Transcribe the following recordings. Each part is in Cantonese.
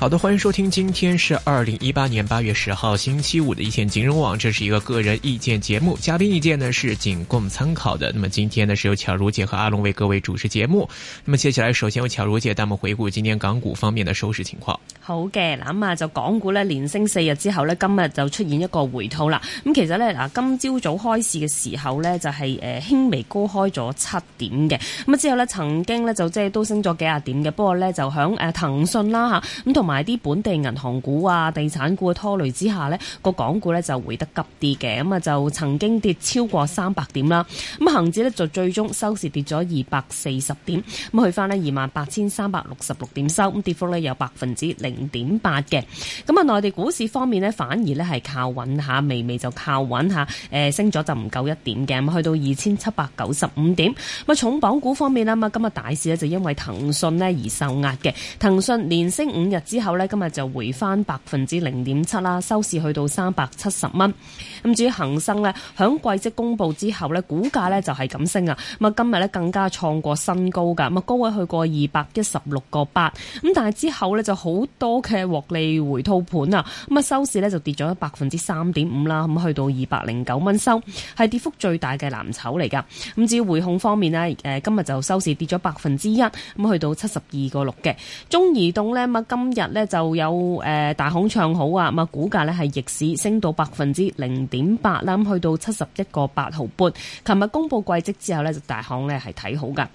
好的，歡迎收聽，今天是二零一八年八月十號星期五的一線金融網，這是一個個人意見節目，嘉賓意見呢是僅供參考的。那麼今天呢是由巧如姐和阿龍為各位主持節目。那麼接下來首先由巧如姐帶我們回顧今天港股方面的收市情況。好嘅，嗱咁就港股呢連升四日之後呢，今日就出現一個回吐啦。咁其實呢，今朝早，早開市嘅時候呢，就係誒、呃、輕微高開咗七點嘅，咁麼之後呢，曾經呢，就即係都升咗幾啊點嘅，不過呢，就響誒、呃、騰訊啦咁同埋啲本地銀行股啊、地產股嘅拖累之下呢，個港股呢就回得急啲嘅，咁啊就曾經跌超過三百點啦。咁恒指呢，就最終收市跌咗二百四十點，咁去返呢，二萬八千三百六十六點收，咁跌幅呢，有百分之零點八嘅。咁啊，內地股市方面呢，反而呢係靠穩下，微微就靠穩下，誒升咗就唔夠一點嘅，咁去到二千七百九十五點。咁啊，重磅股方面啦，咁啊，今日大市呢，就因為騰訊呢而受壓嘅，騰訊連升五日之後。之後呢，今日就回翻百分之零點七啦，收市去到三百七十蚊。咁至於恒生呢，響季績公布之後呢，股價呢就係咁升啊。咁啊今日呢，更加創過新高噶，咁啊高位去過二百一十六個八。咁但係之後呢，就好多嘅獲利回吐盤啊，咁啊收市呢，就跌咗百分之三點五啦，咁去到二百零九蚊收，係跌幅最大嘅藍籌嚟噶。咁至於匯控方面呢，誒今日就收市跌咗百分之一，咁去到七十二個六嘅中移動呢，啊今日。呢就有誒大行唱好啊，咁啊股價呢係逆市升到百分之零點八啦，去到七十一個八毫半。琴日公布季績之後呢，就大行呢係睇好㗎。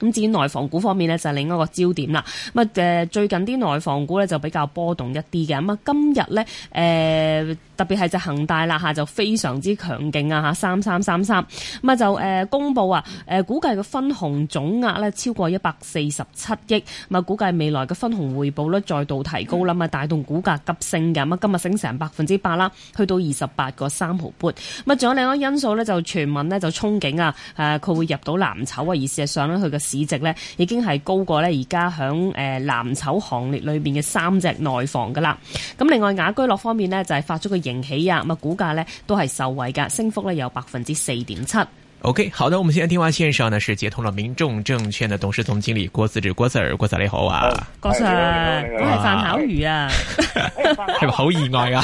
咁至於內房股方面呢，就係、是、另一個焦點啦。咁啊誒，最近啲內房股呢，就比較波動一啲嘅。咁啊今日呢。誒、呃。特別係就恒大啦嚇，就非常之強勁啊嚇，三三三三，咁啊就誒公佈啊誒估計個分紅總額呢超過一百四十七億，咁啊估計未來嘅分紅回報呢再度提高啦嘛，帶動股價急升嘅，咁啊今日升成百分之八啦，去到二十八個三毫半，咁啊仲有另外一個因素呢，就傳聞呢就憧憬啊誒佢會入到藍籌啊，而事實上呢，佢嘅市值呢已經係高過呢而家響誒藍籌行列裏邊嘅三隻內房噶啦，咁另外雅居樂方面呢，就係、是、發咗個。型起啊，咁啊股價咧都係受惠噶升幅咧有百分之四點七。OK，好的，我們現在電話線上呢是接通了民眾證券的董事總經理郭思治、郭 Sir、郭 Sir 你好啊，郭 Sir，我係范巧魚啊，係咪好意外啊？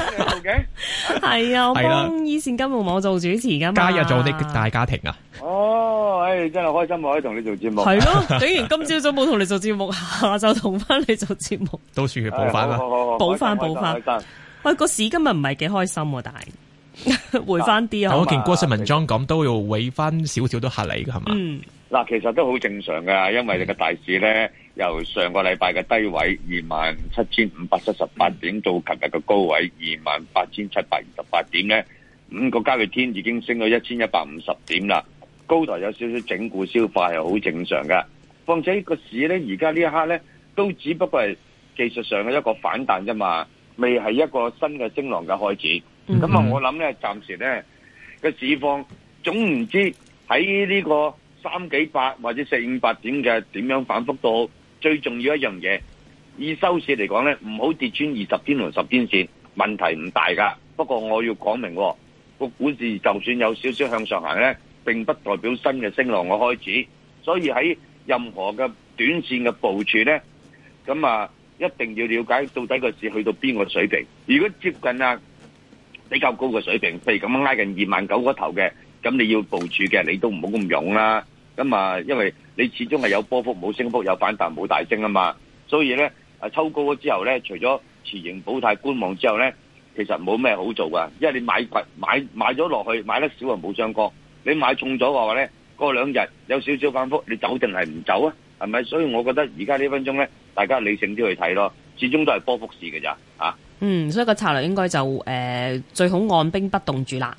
係啊，我幫以前金融網做主持噶嘛，加入咗我哋大家庭啊。哦，誒，真係開心可以同你做節目，係咯，竟然今朝早冇同你做節目，下晝同翻你做節目，都算係補翻啦，補翻補翻。喂，個、哎、市今日唔係幾開心，但係回翻啲啊！嗯、好吧我見郭 Sir 文章咁，都要位翻少少都合理噶，係嘛？嗯，嗱，其實都好正常噶，因為個大市咧，由上個禮拜嘅低位二萬七千五百七十八點、嗯、到近日嘅高位二萬八千七百二十八點咧，五個交易天已經升咗一千一百五十點啦，高台有少少整固消化係好正常噶，況且個市咧而家呢一刻咧，都只不過係技術上嘅一個反彈啫嘛。未係一個新嘅升浪嘅開始，咁啊，我諗咧，暫時咧嘅市況，總唔知喺呢個三幾百或者四五百點嘅點樣反復到。最重要一樣嘢，以收市嚟講咧，唔好跌穿二十天同十天線，問題唔大噶。不過我要講明，哦，個股市就算有少少向上行咧，並不代表新嘅升浪嘅開始。所以喺任何嘅短線嘅部署咧，咁啊。一定要了解到底個市去到邊個水平。如果接近啊比較高嘅水平，譬如咁樣拉近二萬九嗰頭嘅，咁你要部署嘅你都唔好咁勇啦。咁啊，因為你始終係有波幅，冇升幅，有反彈冇大升啊嘛。所以呢，啊抽高咗之後呢，除咗持盈保泰觀望之後呢，其實冇咩好做啊。因為你買貴買買咗落去買得少就冇雙槓，你買重咗嘅話呢，過兩日有少少反覆，你走定係唔走啊？係咪？所以我覺得而家呢分鐘呢。大家理性啲去睇咯，始終都係波幅市嘅咋啊。嗯，所以個策略應該就誒、呃、最好按兵不動住啦。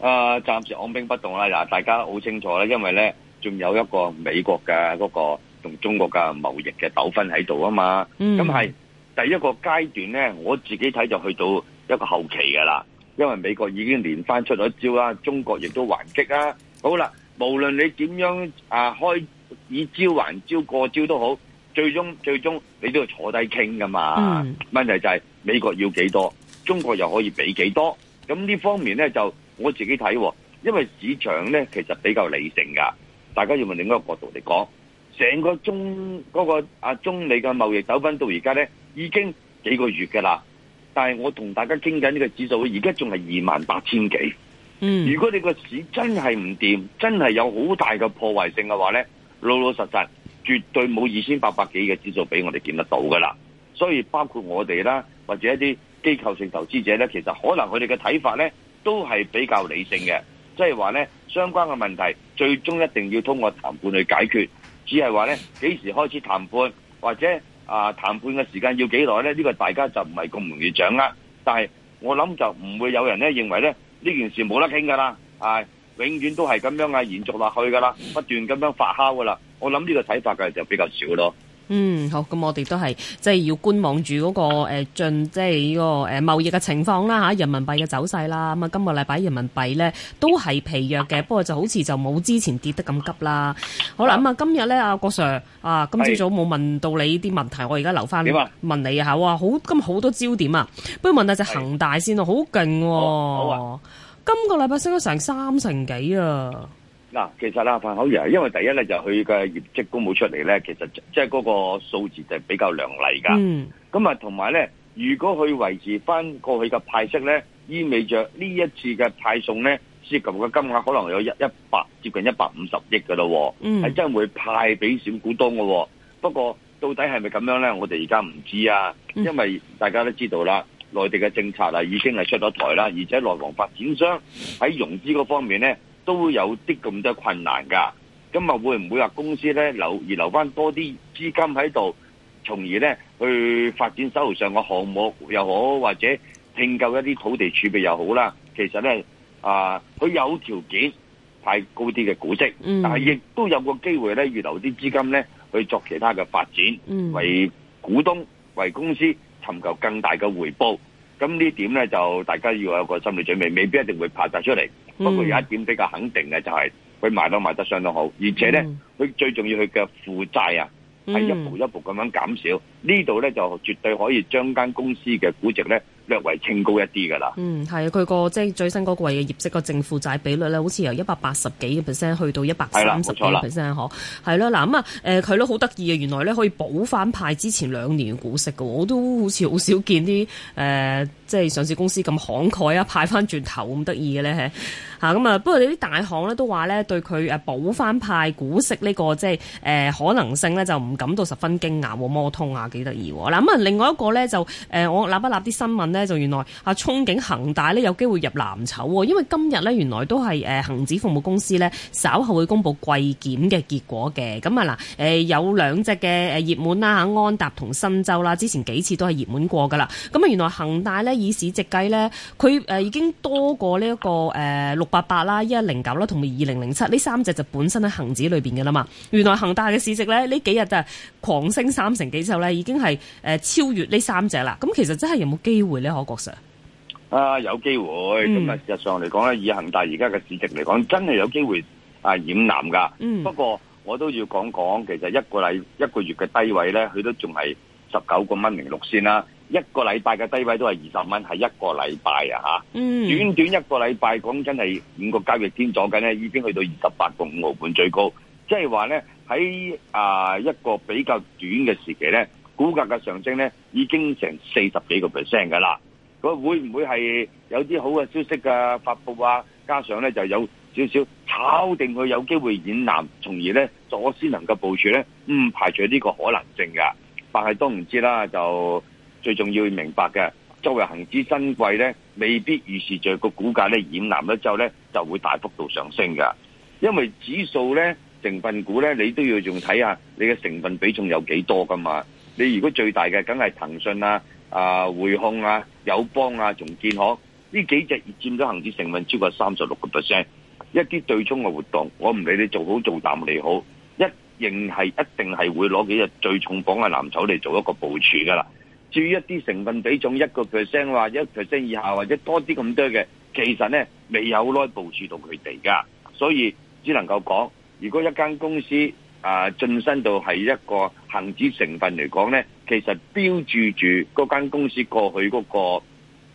誒、呃，暫時按兵不動啦。嗱，大家好清楚啦，因為咧仲有一個美國嘅嗰個同中國嘅貿易嘅糾紛喺度啊嘛。咁係、嗯嗯、第一個階段咧，我自己睇就去到一個後期噶啦，因為美國已經連番出咗招啦，中國亦都還擊啊。好啦，無論你點樣啊開以招還招過招都好。最終最終你都要坐低傾噶嘛？嗯、問題就係美國要幾多，中國又可以俾幾多？咁呢方面呢，就我自己睇，哦，因為市場呢，其實比較理性噶。大家要問另一個角度嚟講，成個中嗰、那個阿、啊、中美嘅貿易糾紛到而家呢，已經幾個月噶啦。但係我同大家傾緊呢個指數，而家仲係二萬八千幾。嗯，如果你個市真係唔掂，真係有好大嘅破壞性嘅話呢，老老實實。絕對冇二千八百幾嘅指數俾我哋見得到㗎啦，所以包括我哋啦，或者一啲機構性投資者呢，其實可能佢哋嘅睇法呢都係比較理性嘅，即係話呢相關嘅問題最終一定要通過談判去解決，只係話呢，幾時開始談判或者啊談判嘅時間要幾耐呢？呢個大家就唔係咁容易掌握，但係我諗就唔會有人呢認為呢呢件事冇得傾㗎啦，啊永遠都係咁樣啊延續落去㗎啦，不斷咁樣發酵㗎啦。我諗呢個睇法嘅就比較少咯。嗯，好，咁我哋都係即係要觀望住嗰、嗰個誒，進即係呢個誒貿易嘅情況啦吓，人民幣嘅走勢啦。咁、嗯、啊，今個禮拜人民幣咧都係疲弱嘅，不過就好似就冇之前跌得咁急啦。好啦，咁、嗯、啊，嗯、今日咧阿郭 sir 啊，今朝早冇是問到你啲問題，我而家留翻問你啊，吓哇，好今好多焦點啊，不如問，問下隻恒大先咯、啊是啊，好勁、啊，好今個禮拜升咗成三成幾啊。嗱，其實啦，泛口爺，因為第一咧就佢嘅業績公布出嚟咧，其實即係嗰個數字就比較亮麗噶。咁啊，同埋咧，如果佢維持翻過去嘅派息咧，意味着呢一次嘅派送咧，涉及嘅金額可能有一一百接近一百五十億嘅咯，係、嗯、真會派俾小股東嘅。不過到底係咪咁樣咧，我哋而家唔知啊，因為大家都知道啦，內地嘅政策啊已經係出咗台啦，而且內房發展商喺融資嗰方面咧，都有啲咁多困難㗎，咁啊會唔會話公司呢留而留翻多啲資金喺度，從而呢去發展手上嘅項目又好，或者拼夠一啲土地儲備又好啦。其實呢，啊，佢有條件派高啲嘅股息，嗯、但係亦都有個機會呢預留啲資金呢去作其他嘅發展，嗯、為股東為公司尋求更大嘅回報。咁呢點呢，就大家要有一個心理準備，未必一定會派曬出嚟。不過有一點比較肯定嘅，就係佢賣都賣得相當好，而且咧佢最重要佢嘅負債啊係一步一步咁樣減少呢度咧就絕對可以將間公司嘅估值咧略為升高一啲噶啦。嗯，係、就是、啊，佢個即係最新嗰個嘅業績個淨負債比率咧，好似由一百八十幾 percent 去到一百三十幾 percent 嗬，係啦，嗱咁啊，誒、啊，佢都好得意啊，原來咧可以補翻派之前兩年嘅股息噶，我都好似好少見啲誒。呃即係上市公司咁慷慨啊，派翻轉頭咁得意嘅咧嚇咁啊！不過你啲大行咧都話咧，對佢誒補翻派股息呢個即係誒可能性咧，就唔感到十分驚訝喎。摩通啊，幾得意嗱咁啊！另外一個咧就誒，我立一立啲新聞咧，就原來啊，憧憬恒大咧有機會入藍籌，因為今日咧原來都係誒恆指服務公司咧稍後會公布季檢嘅結果嘅，咁啊嗱誒有兩隻嘅誒熱門啦嚇，安踏同新洲啦，之前幾次都係熱門過噶啦，咁啊原來恒大咧。以市值計咧，佢誒已經多過呢一個誒六八八啦，一零九啦，同埋二零零七，呢三隻就本身喺恒指裏邊嘅啦嘛。原來恒大嘅市值咧呢幾日就狂升三成幾之後咧，已經係誒超越呢三隻啦。咁其實真係有冇機會咧？何國、Sir? s 啊，有機會。咁啊，事實上嚟講咧，嗯、以恒大而家嘅市值嚟講，真係有機會啊染藍噶。嗯。不過我都要講講，其實一個禮一個月嘅低位咧，佢都仲係十九個蚊零六先啦。一個禮拜嘅低位都係二十蚊，係一個禮拜啊吓。嗯、短短一個禮拜，講真係五個交易天左緊呢，已經去到二十八個五毫半最高，即係話呢，喺啊一個比較短嘅時期呢，股價嘅上升呢已經成四十幾個 percent 噶啦佢會唔會係有啲好嘅消息呀？啊，發佈啊？加上呢就有少少炒定佢有機會染藍，從而呢左先能夠部署呢，唔排除呢個可能性噶。但係都唔知啦，就。最重要要明白嘅，作為恒指新貴呢，未必預示着個股價咧染藍咗之後咧就會大幅度上升噶，因為指數咧成份股咧，你都要仲睇下你嘅成分比重有幾多噶嘛？你如果最大嘅梗係騰訊啊、啊滙控啊、友邦啊、仲建行呢幾隻佔咗恒指成分超過三十六個 percent。一啲對沖嘅活動，我唔理你做好做淡利好，一仍係一定係會攞幾隻最重磅嘅藍籌嚟做一個部署噶啦。至於一啲成分比重一個 percent 或者一個 percent 以下，或者，或者多啲咁多嘅，其實咧未有耐部署到佢哋㗎，所以只能夠講，如果一間公司啊晉身到係一個恒指成分嚟講咧，其實標注住嗰間公司過去嗰、嗰個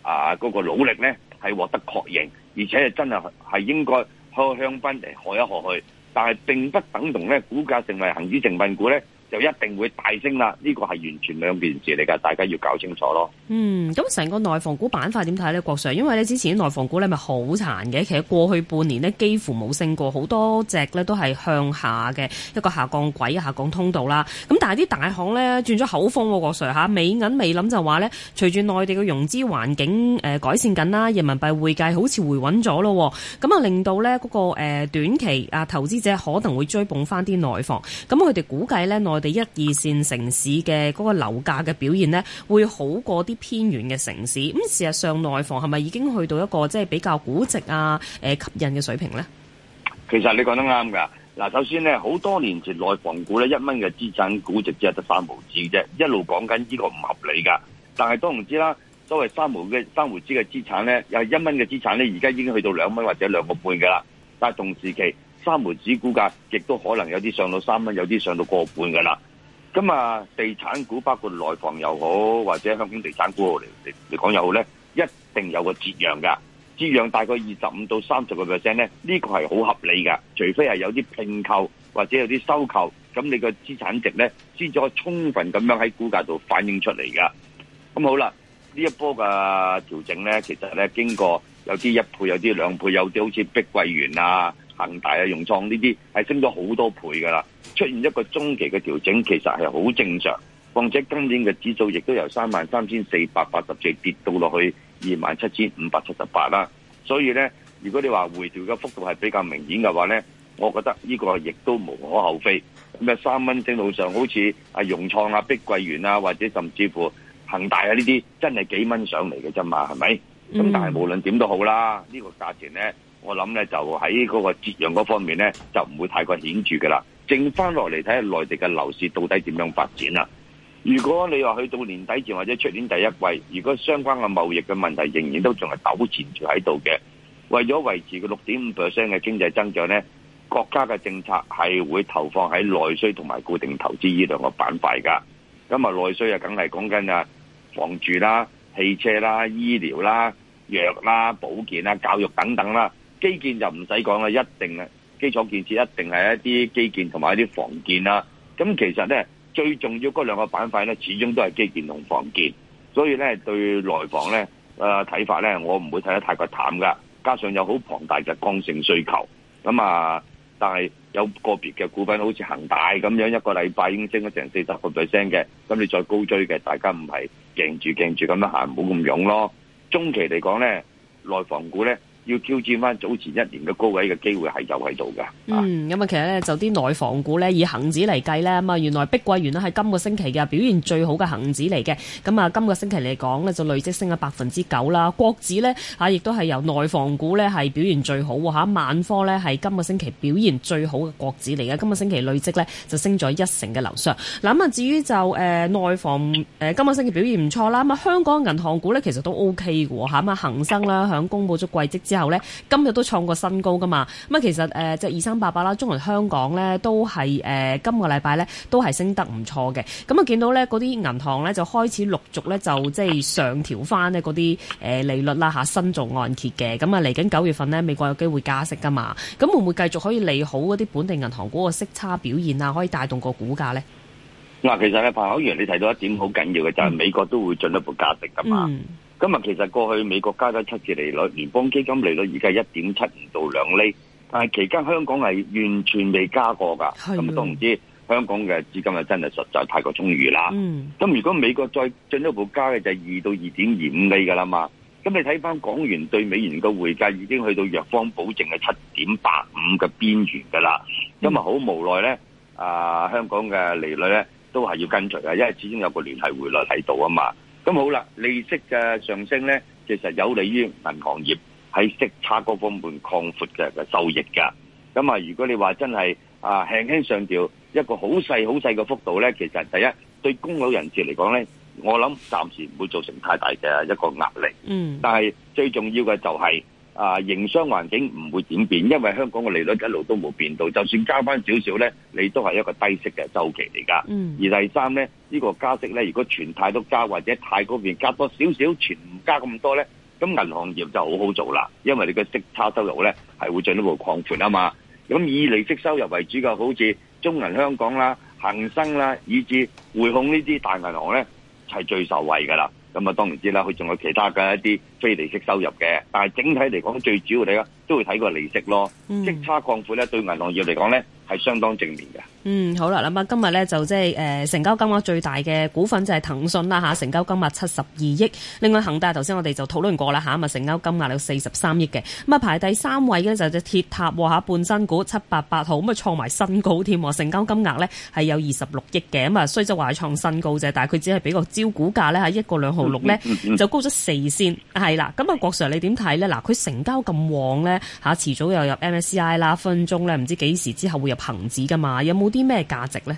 啊嗰、嗰個、努力咧係獲得確認，而且係真係係應該向向賓嚟學一學去，但係並不等同咧股價成為恒指成分股咧。就一定會大升啦！呢個係完全兩件事嚟㗎，大家要搞清楚咯。嗯，咁成個內房股板塊點睇咧，郭 Sir？因為咧之前內房股咧咪好殘嘅，其實過去半年咧幾乎冇升過，好多隻咧都係向下嘅一個下降軌，下降軌，下降通道啦。咁但係啲大行咧轉咗口風，啊，郭 Sir 嚇，美銀美林就話咧，隨住內地嘅融資環境誒改善緊啦，人民幣匯價好似回穩咗咯，咁啊令到咧嗰個誒短期啊投資者可能會追捧翻啲內房。咁佢哋估計咧內.我哋一二線城市嘅嗰個樓價嘅表現呢，會好過啲偏遠嘅城市。咁、嗯、事實上，內房係咪已經去到一個即係比較估值啊？誒、呃，吸引嘅水平呢？其實你講得啱噶。嗱，首先呢，好多年前內房股呢，一蚊嘅資產估值只係得三毫紙啫，一路講緊呢個唔合理噶。但係都唔知啦，所謂三毫嘅三毫紙嘅資產呢，又係一蚊嘅資產呢，而家已經去到兩蚊或者兩個半噶啦。但係同時期。三蚊紙股價亦都可能有啲上到三蚊，有啲上到個半噶啦。咁啊，地產股包括內房又好，或者香港地產股嚟嚟講又好咧，一定有個折讓噶，折讓大概二十五到三十個 percent 咧。呢、呢個係好合理噶，除非係有啲併購或者有啲收購，咁你個資產值咧先至可以充分咁樣喺股價度反映出嚟噶。咁好啦，呢一波嘅調整咧，其實咧經過有啲一倍，有啲兩倍，有啲好似碧桂園啊。恒大啊，融創呢啲係升咗好多倍噶啦，出現一個中期嘅調整，其實係好正常。況且今年嘅指數亦都由三萬三千四百八十四跌到落去二萬七千五百七十八啦，所以咧，如果你話回調嘅幅度係比較明顯嘅話咧，我覺得呢個亦都無可厚非。咁啊，三蚊正路上，好似啊融創啊、碧桂園啊，或者甚至乎恒大啊呢啲，真係幾蚊上嚟嘅啫嘛，係咪？咁但係無論點都好啦，呢個價錢咧。我諗咧就喺嗰個折讓嗰方面咧就唔會太過顯著㗎啦，剩翻落嚟睇下內地嘅樓市到底點樣發展啦、啊。如果你話去到年底前或者出年第一季，如果相關嘅貿易嘅問題仍然都仲係糾纏住喺度嘅，為咗維持個六點五 percent 嘅經濟增長咧，國家嘅政策係會投放喺內需同埋固定投資呢兩個板塊噶。咁啊，內需啊梗係講緊啊房住啦、汽車啦、醫療啦、藥啦、保健啦、教育等等啦。基建就唔使講啦，一定嘅基礎建設一定係一啲基建同埋一啲房建啦、啊。咁其實咧最重要嗰兩個板塊咧，始終都係基建同房建。所以咧對內房咧呃、睇法咧，我唔會睇得太過淡噶。加上有好龐大嘅剛性需求，咁啊，但係有個別嘅股份好似恒大咁樣一個禮拜已經升咗成四十個 percent 嘅，咁你再高追嘅，大家唔係勁住勁住咁樣行，唔好咁勇咯。中期嚟講咧，內房股咧。要挑戰翻早前一年嘅高位嘅機會係有喺度㗎。啊、嗯，咁啊，其實呢，就啲內房股呢，以恒指嚟計呢，咁啊，原來碧桂園呢係今個星期嘅表現最好嘅恒指嚟嘅。咁啊，今個星期嚟講呢，就累積升咗百分之九啦。國指呢，嚇，亦都係由內房股呢係表現最好喎嚇。萬科呢，係今個星期表現最好嘅國指嚟嘅。今個星期累積呢，就升咗一成嘅樓上。嗱，咁啊，至於就誒、呃、內房誒、呃，今個星期表現唔錯啦。咁啊，香港銀行股呢，其實都 O K 嘅喎嚇。咁啊，恒生啦響公布咗季績之後。後咧，今日都創過新高噶嘛？咁啊，其實誒，即係二三八八啦，就是、800，中銀香港咧都係誒、呃，今個禮拜咧都係升得唔錯嘅。咁、嗯、啊，見到咧嗰啲銀行咧就開始陸續咧就即係上調翻呢嗰啲誒利率啦、啊、吓，新做按揭嘅。咁、嗯、啊，嚟緊九月份咧，美國有機會加息噶嘛？咁會唔會繼續可以利好嗰啲本地銀行嗰個息差表現啊？可以帶動個股價咧？嗱，其實啊，彭浩源，你提到一點好緊要嘅，就係美國都會進一步加息噶嘛。今日其實過去美國加咗七次利率，聯邦基金利率而家係一點七五到兩厘，但係期間香港係完全未加過噶，咁啊都唔知道香港嘅資金啊真係實在太過充裕啦。咁、嗯、如果美國再進一步加嘅就係二到二點二五厘噶啦嘛，咁你睇翻港元對美元嘅匯價已經去到弱方保證嘅七點八五嘅邊緣噶啦，今日好無奈咧，啊、呃、香港嘅利率咧都係要跟隨嘅，因為始終有個聯繫匯率喺度啊嘛。咁好啦，利息嘅上升咧，其實有利於銀行業喺息差嗰方面擴闊嘅嘅收益噶。咁啊，如果你話真係啊輕輕上調一個好細好細嘅幅度咧，其實第一對供樓人士嚟講咧，我諗暫時唔會造成太大嘅一個壓力。嗯，但係最重要嘅就係。啊，營商環境唔會點變，因為香港嘅利率一路都冇變到，就算加翻少少咧，你都係一個低息嘅周期嚟噶。嗯、而第三咧，呢、呢個加息咧，如果存貸都加或者貸嗰邊加多少少，存唔加咁多咧，咁銀行業就好好做啦，因為你個息差收入咧係會進一步擴闊啊嘛。咁以利息收入為主嘅，好似中銀香港啦、恒生啦，以至匯控呢啲大銀行咧，係最受惠噶啦。咁啊，嗯嗯、當然知啦，佢仲有其他嘅一啲非利息收入嘅，但係整體嚟講，最主要嚟咧，都會睇個利息咯。息差擴闊咧，對銀行業嚟講咧，係相當正面嘅。嗯，好啦，咁啊，今日呢，就即係誒成交金額最大嘅股份就係騰訊啦吓，成交金額七十二億。另外恒大頭先我哋就討論過啦吓，咁啊成交金額有四十三億嘅。咁啊排第三位嘅就係隻鐵塔吓，半新股七八八號，咁啊創埋新高添，成交金額呢係有二十六億嘅。咁啊雖則話佢創新高啫，但係佢只係比個招股價呢，吓一個兩毫六呢，就高咗四仙。係啦，咁啊郭 Sir 你點睇呢？嗱，佢成交咁旺呢，吓，遲早又入 MSCI 啦，分中呢，唔知幾時之後會入恒指噶嘛？有冇？有啲咩價值咧？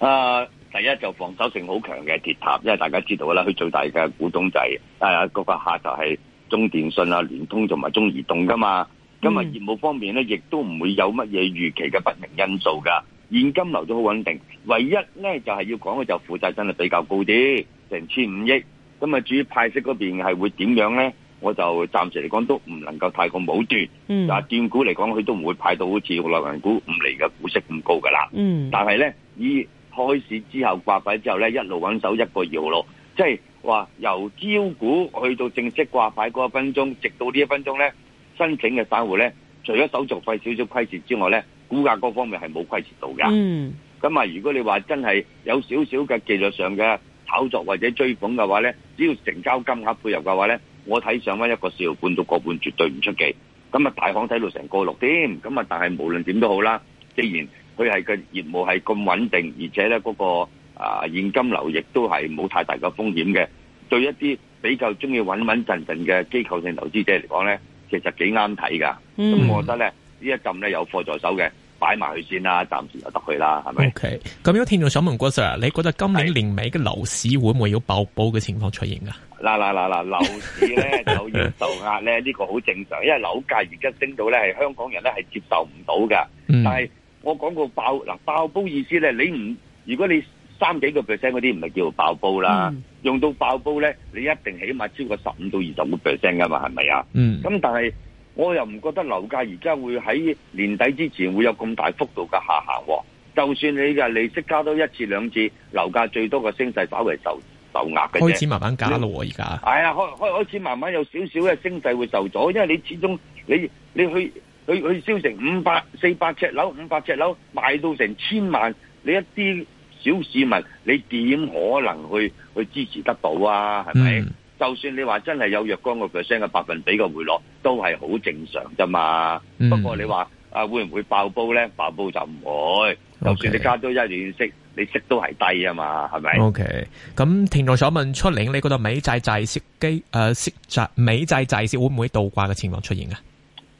啊、呃，第一就防守性好強嘅鐵塔，因為大家知道啦，佢最大嘅股東仔係啊嗰個客就係中電信啊、聯通同埋中移動噶嘛。咁啊，業務方面咧，亦都唔會有乜嘢預期嘅不明因素噶。現金流都好穩定，唯一咧就係、是、要講佢就負債真係比較高啲，成千五億。咁啊，至於派息嗰邊係會點樣咧？我就暫時嚟講都唔能夠太過武斷，嗱、嗯，電股嚟講，佢都唔會派到好似內銀股五釐嘅股息咁高噶啦。嗯、但係咧，以開始之後掛牌之後咧，一路揾手一個搖路，即係話由招股去到正式掛牌嗰一分鐘，直到呢一分鐘咧，申請嘅散戶咧，除咗手續費少少虧蝕之外咧，股價嗰方面係冇虧蝕到嘅。咁啊、嗯，如果你話真係有少少嘅技術上嘅炒作或者追捧嘅話咧，只要成交金額配合嘅話咧。我睇上翻一個四毫半到個半，絕對唔出奇。咁啊，大行睇到成個六點，咁啊，但係無論點都好啦。既然佢係個業務係咁穩定，而且咧嗰、那個啊現金流亦都係冇太大嘅風險嘅，對一啲比較中意穩穩陣陣嘅機構性投資者嚟講咧，其實幾啱睇噶。咁我覺得咧，一呢一浸咧有貨在手嘅。擺埋佢先啦，暫時就得佢啦，係咪？O K，咁有聽眾想問郭 Sir，你覺得今年年尾嘅樓市會唔會有爆煲嘅情況出現噶？嗱嗱嗱嗱，樓市咧就要受壓咧，呢 個好正常，因為樓價而家升到咧係香港人咧係接受唔到噶。嗯、但係我講個爆嗱爆煲意思咧，你唔如果你三幾個 percent 嗰啲唔係叫做爆煲啦，嗯、用到爆煲咧，你一定起碼超過十五到二十五 percent 噶嘛，係咪啊？嗯。咁但係。我又唔覺得樓價而家會喺年底之前會有咁大幅度嘅下行喎，就算你嘅利息加多一次兩次，樓價最多嘅升勢稍微受受壓嘅啫。開始慢慢加咯，而家。係啊，開開開始慢慢有少少嘅升勢會受阻，因為你始終你你去去去燒成五百四百尺樓，五百尺樓賣到成千萬，你一啲小市民，你點可能去去支持得到啊？係咪？嗯。就算你話真係有若干個 percent 嘅百分比嘅回落，都係好正常啫嘛。嗯、不過你話啊會唔會爆煲咧？爆煲就唔會。就算你加多一兩息，Okay. 你息都係低啊嘛，係咪？OK，咁聽眾想問出嚟，你覺得美債債息機誒、啊、息債美債債息會唔會倒掛嘅情況出現咧？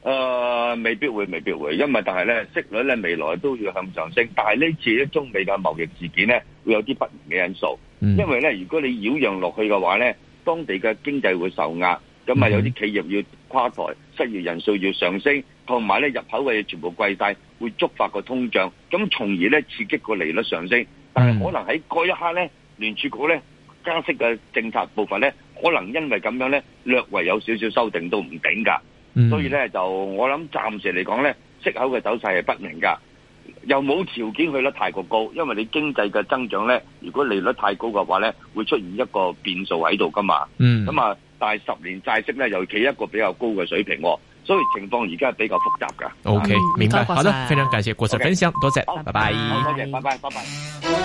誒、呃，未必會，未必會，因為但係咧息率咧未來都要向上升，但係呢次咧中美嘅貿易事件咧會有啲不明嘅因素，嗯、因為咧如果你擾攘落去嘅話咧。.當地嘅經濟會受壓，咁啊有啲企業要垮台，失業人數要上升，同埋咧入口嘅嘢全部貴曬，會觸發個通脹，咁從而咧刺激個利率上升。但係可能喺嗰一刻咧，聯儲局咧加息嘅政策部分咧，可能因為咁樣咧，略為有少少修正都唔頂㗎，所以咧就我諗暫時嚟講咧，息口嘅走勢係不明㗎。又冇條件去得太過高，因為你經濟嘅增長咧，如果利率太高嘅話咧，會出現一個變數喺度噶嘛。嗯。咁啊，但係十年債息咧尤其一個比較高嘅水平，哦，所以情況而家係比較複雜噶。OK，、嗯嗯、明白。嗯、好啦，非常感謝郭生分享，Okay 多謝，好拜拜。好多謝，謝謝拜拜，拜拜。拜拜。